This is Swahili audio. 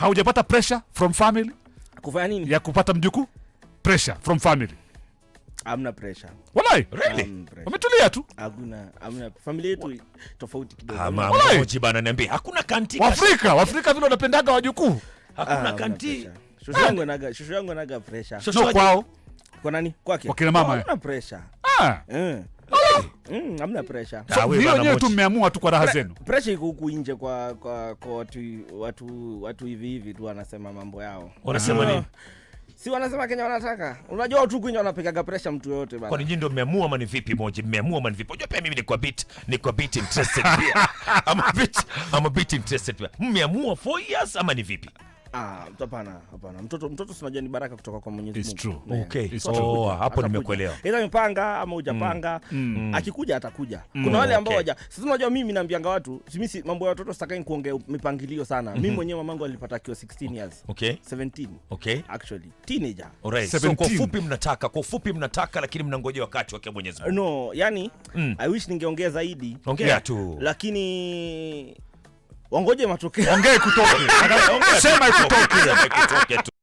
haujapata pressure from family kufanya nini ya kupata mjukuu? Pressure from family? amna pressure wallahi, really wametulia tu, hakuna amna Familia yetu tofauti kidogo, ah, wallahi bana, niambi hakuna kanti. Waafrika afrika vile wanapendaga wajukuu, hakuna ah, kanti. Shosho eh. yangu anaga, shosho yangu anaga pressure. Shosho kwao, kwa nani? Kwake, kwa kina mama, hakuna pressure ah eh Mm, hamna pressure. Hiyo ah, tu mmeamua tu kwa raha zenu. Pressure iko huku nje kwa kwa kwa watu watu watu hivi hivi tu wanasema mambo yao. Wanasema ah. nini? Si wanasema Kenya wanataka. Unajua watu kwenye wanapigaga pressure mtu yoyote bana. Kwa nini ndio mmeamua ama ni vipi moja? Mmeamua ama ni vipi? Unajua pia mimi ni kwa bit, ni kwa bit interested pia. I'm a bit, I'm a bit interested pia. Mmeamua for years ama ni vipi? Ah, hapana, Mtoto mtoto si ni baraka kutoka kwa Mwenyezi Mungu. Oh, hapo nimekuelewa. Ila mpanga ama ujapanga mm. mm. mm. akikuja atakuja. Mm. Kuna wale ambao okay. waja. Sasa unajua mimi nambianga watu, simisi mambo ya watoto sitakai kuongea mipangilio sana. Mm -hmm. Mimi mhm. mwenyewe mamangu alipata akiwa 16 years. Okay. 17. Okay. Actually, teenager. Alright. So kwa fupi mnataka, kwa ufupi mnataka lakini mnangoja wakati wake Mwenyezi Mungu. No, yani mm. I wish ningeongea zaidi. Ongea yeah. Lakini Wangoje matokeo. ongee kutoke, Sema ikutoke.